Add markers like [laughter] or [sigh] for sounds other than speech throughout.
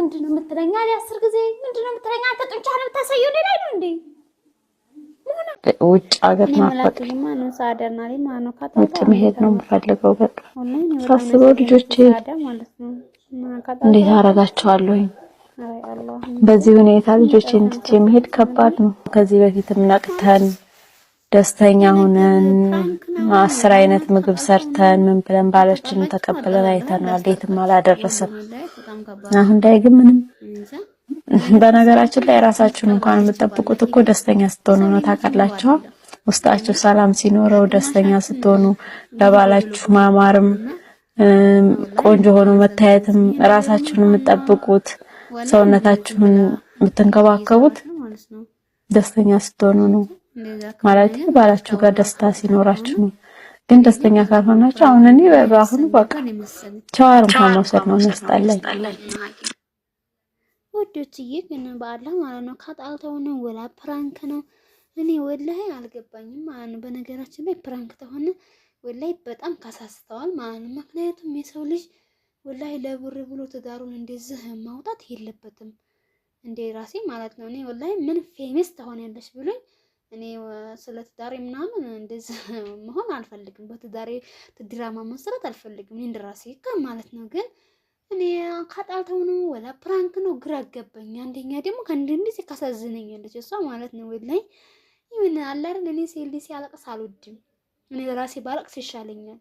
ምንድን ነው የምትለኝ? አለ አስር ጊዜ ምንድን ነው የምትለኝ? አንተ ጡንቻህን የምታሳየው እኔ ላይ ነው እንዴ? ውጭ ሀገር ናፈቅ ውጭ መሄድ ነው የምፈልገው። በቃ ሳስበው ልጆች እንዴት አደርጋቸዋለሁኝ? በዚህ ሁኔታ ልጆች ትቼ መሄድ ከባድ ነው። ከዚህ በፊት ምናቅተን ደስተኛ ሆነን አስር አይነት ምግብ ሰርተን ምን ብለን ባለችን ተቀበለን አይተናል። የትም አላደረሰም። አሁን ላይ ግን ምንም በነገራችን ላይ ራሳችሁን እንኳን የምጠብቁት እኮ ደስተኛ ስትሆኑ ነው። ታውቃላችሁ፣ ውስጣችሁ ሰላም ሲኖረው ደስተኛ ስትሆኑ ለባላችሁ ማማርም ቆንጆ ሆኖ መታየትም ራሳችሁን የምትጠብቁት ሰውነታችሁን የምትንከባከቡት ደስተኛ ስትሆኑ ነው። ማለት ባላችሁ ጋር ደስታ ሲኖራችሁ ነው። ግን ደስተኛ ካልሆናችሁ አሁን እኔ በአሁኑ በቃ ቻዋር እንኳን መውሰድ ነው መስጣለኝ ወዶችዬ። ግን በአላህ ማለት ነው ካጣልተው ነው ወላ ፕራንክ ነው። እኔ ወላሂ አልገባኝም ማለት ነው። በነገራችን ላይ ፕራንክ ተሆነ ወላሂ በጣም ካሳስተዋል ማለት ነው። ምክንያቱም የሰው ልጅ ወላሂ ለብር ብሎ ትዳሩን እንደዚህ ማውጣት የለበትም። እንደ ራሴ ማለት ነው እኔ ወላሂ ምን ፌሚስ ተሆነ ያለሽ ብሎኝ እኔ ስለ ትዳሬ ምናምን እንደዚህ [laughs] መሆን አልፈልግም። በትዳሬ ትድራማ መሰረት አልፈልግም። እኔ እንደራሴ ጋር ማለት ነው። ግን እኔ ካጣልተው ነው ወላ ፕራንክ ነው ግራ ገባኝ። አንደኛ ደግሞ ከአንድ ጊዜ ካሳዝነኛለች እሷ ማለት ነው። ወላይ ይሁን አላር አይደል? እኔ ሴት ሲያለቅስ አልወድም። እኔ ለራሴ ባለቅስ ይሻለኛል።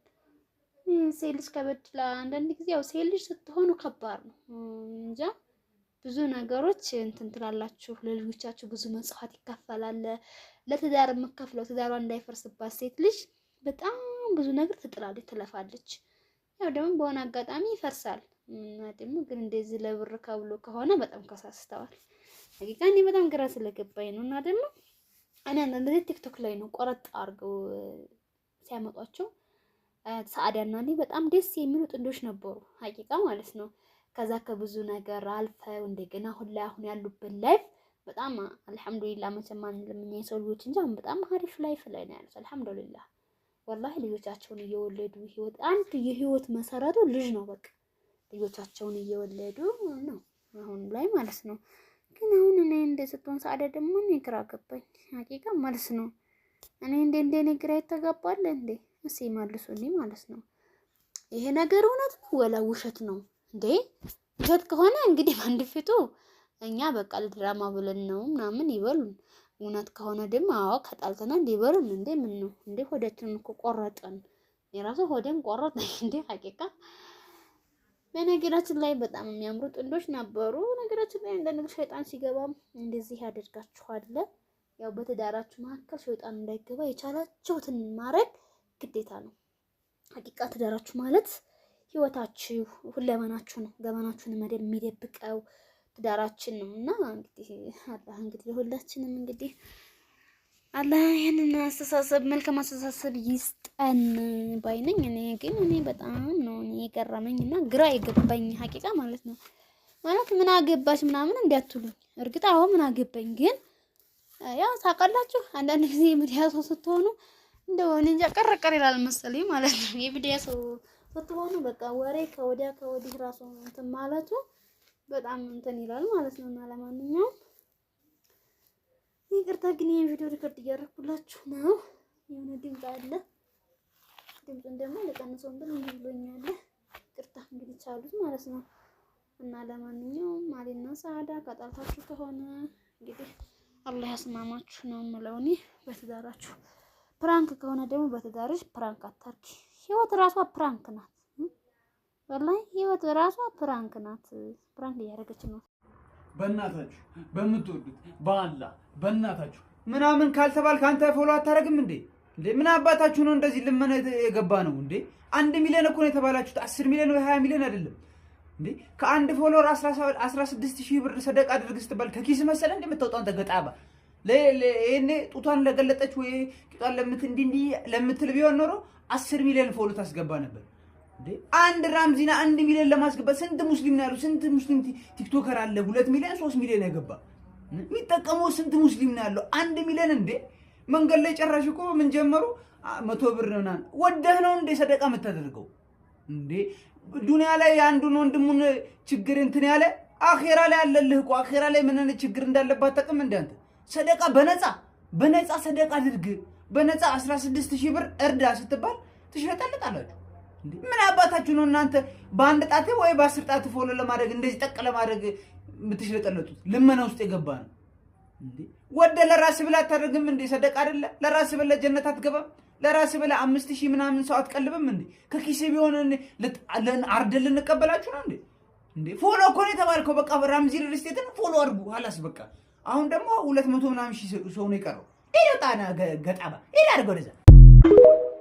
ሴት ልጅ ከበድ ለአንዳንድ ጊዜ ያው ሴት ልጅ ስትሆኑ ከባድ ነው እንጃ ብዙ ነገሮች እንትን ትላላችሁ። ለልጆቻችሁ ብዙ መጽዋት ይከፈላል። ለትዳር የምከፍለው ትዳሯ እንዳይፈርስባት ሴት ልጅ በጣም ብዙ ነገር ትጥላለች፣ ትለፋለች። ያው ደግሞ በሆነ አጋጣሚ ይፈርሳል። ደግሞ ግን እንደዚህ ለብር ከብሎ ከሆነ በጣም ከሳስተዋል። ሀቂቃ እኔ በጣም ግራ ስለገባኝ ነው። እና ደግሞ እኔ እንደዚህ ቲክቶክ ላይ ነው ቆረጥ አድርገው ሲያመጧቸው ሰአዳና እኔ በጣም ደስ የሚሉ ጥንዶች ነበሩ፣ ሀቂቃ ማለት ነው። ከዛ ከብዙ ነገር አልፈው እንደገና አሁን ላይ አሁን ያሉበት ላይፍ በጣም አልሐምዱሊላ መቼም አንልምኛ የሰው ልጆች እንጂ አሁን በጣም ሀሪፍ ላይፍ ላይ ነው ያሉት። አልሐምዱሊላ ወላሂ ልጆቻቸውን እየወለዱ ህይወት አንድ የህይወት መሰረቱ ልጅ ነው። በቃ ልጆቻቸውን እየወለዱ ነው አሁን ላይ ማለት ነው። ግን አሁን እኔ እንደ ስትሆን ሰዓደ ደግሞ እኔ ግራ ገባኝ። ሀቂቃ ማለት ነው እኔ እንደ እንደ እኔ ግራ ይተጋባል እንዴ? እስኪ መልሱልኝ ማለት ነው። ይሄ ነገር እውነት ነው ወላ ውሸት ነው እንዴ? ውሸት ከሆነ እንግዲህ በአንድ ፊቱ እኛ በቃ ለድራማ ብለን ነው ምናምን ይበሉን። እውነት ከሆነ ደግሞ አዎ ከጣልተናል ይበሉን። እንዴ ምን ነው እንዴ ሆዳችንን እኮ ቆረጠን። የራሱ ሆደን ቆረጠ [laughs] እንዴ ሀቂቃ። በነገራችን ላይ በጣም የሚያምሩ ጥንዶች ነበሩ። ነገራችን ላይ አንዳንድ ሸይጣን ሲገባም እንደዚህ ያደርጋችኋል። ያው በትዳራችሁ መካከል ሸይጣን እንዳይገባ የቻላችሁትን ማድረግ ግዴታ ነው። ሀቂቃ ትዳራችሁ ማለት ህይወታችሁ፣ ሁለመናችሁ ነው። ገመናችሁን መደብ የሚደብቀው ትዳራችን ነው እና እንግዲህ አላህ እንግዲህ ሁላችንም እንግዲህ አላህ ይህንን አስተሳሰብ መልካም አስተሳሰብ ይስጠን ባይነኝ። እኔ ግን እኔ በጣም ነው እኔ የገረመኝ እና ግራ የገባኝ ሀቂቃ ማለት ነው። ማለት ምን አገባሽ ምናምን እንዲያትሉኝ፣ እርግጥ አሁን ምን አገባኝ ግን ያው ታውቃላችሁ፣ አንዳንድ ጊዜ የሚዲያ ሰው ስትሆኑ እንደሆነ እንጃ ቀረቀር ይላል መሰለኝ ማለት ነው። የሚዲያ ሰው ስትሆኑ በቃ ወሬ ከወዲያ ከወዲህ ራሱ እንትን ማለቱ በጣም እንትን ይላል ማለት ነው። እና ለማንኛውም ይቅርታ ግን ቪዲዮ ሪከርድ እያደረኩላችሁ ነው። የሆነ ድምፅ አለ። ድምፁን ደግሞ ለቀንሰው ብል እንዲህ ብሎኛል። ይቅርታ እንግዲህ ቻሉት ማለት ነው። እና ለማንኛውም ማሊና ሳዳ ከጣልታችሁ ከሆነ እንግዲህ አላህ ያስማማችሁ ነው የምለው እኔ። በትዳራችሁ ፕራንክ ከሆነ ደግሞ በትዳርሽ ፕራንክ አታርጊ። ህይወት ራሷ ፕራንክ ናት። ወላሂ ህይወት በራሷ ፕራንክ ናት። ፕራንክ እያደረገች ነው። በእናታችሁ በምትወዱት በአላህ በእናታችሁ ምናምን ካልተባልክ አንተ ፎሎ አታደርግም እንዴ? እንዴ ምን አባታችሁ ነው እንደዚህ ልመና የገባ ነው እንዴ? አንድ ሚሊዮን እኮ ነው የተባላችሁት። አስር ሚሊዮን ወይ ሀያ ሚሊዮን አይደለም እንዴ? ከአንድ ፎሎወር አስራ ስድስት ሺህ ብር ሰደቅ አድርግ ስትባል ከኪስ መሰለ እንዴ እንደምታወጣው አንተ ገጣባ ይሄኔ ጡቷን ለገለጠች ወይ ጡቷን ለምት እንዲህ ለምትል ቢሆን ኖሮ አስር ሚሊዮን ፎሎ ታስገባ ነበር። አንድ ራምዚና አንድ ሚሊዮን ለማስገባት ስንት ሙስሊም ነው ያለው? ስንት ሙስሊም ቲክቶከር አለ? ሁለት ሚሊዮን ሶስት ሚሊዮን ያገባ የሚጠቀመው ስንት ሙስሊም ነው ያለው? አንድ ሚሊዮን እንዴ! መንገድ ላይ ጨራሽ እኮ ምን ጀመሩ? መቶ ብር ምናምን ወደህ ነው እንዴ ሰደቃ የምታደርገው እንዴ? ዱንያ ላይ አንዱን ወንድሙን ችግር እንትን ያለ አኼራ ላይ አለልህ እኮ አኼራ ላይ ምን አይነት ችግር እንዳለባት ጠቅም እንደ አንተ ሰደቃ በነፃ በነፃ ሰደቃ አድርግ። በነፃ 16 ሺህ ብር እርዳ ስትባል ትሽለጠልጣላችሁ። ምን አባታችሁ ነው እናንተ በአንድ ጣት ወይ በአስር ጣት ፎሎ ለማድረግ እንደዚህ ጠቅ ለማድረግ የምትሽለጠለጡት? ልመና ውስጥ የገባ ነው እንዴ? ወደ ለራስ ብለህ አታደርግም እንዴ? ሰደቅ አይደለ? ለራስ ብለህ ጀነት አትገባም? ለራስ ብለህ አምስት ሺህ ምናምን ሰው አትቀልብም እንዴ? ከኪሴ ቢሆን አርደን ልንቀበላችሁ ነው እንዴ? እንዴ ፎሎ እኮ ነው የተባልከው። በቃ ራምዚ ሪል ስቴትን ፎሎ አድርጉ አላስ። በቃ አሁን ደግሞ ሁለት መቶ ምናምን ሺህ ሰው ነው የቀረው። ጣና ገጣባ ሌላ አድርገው ወደዛ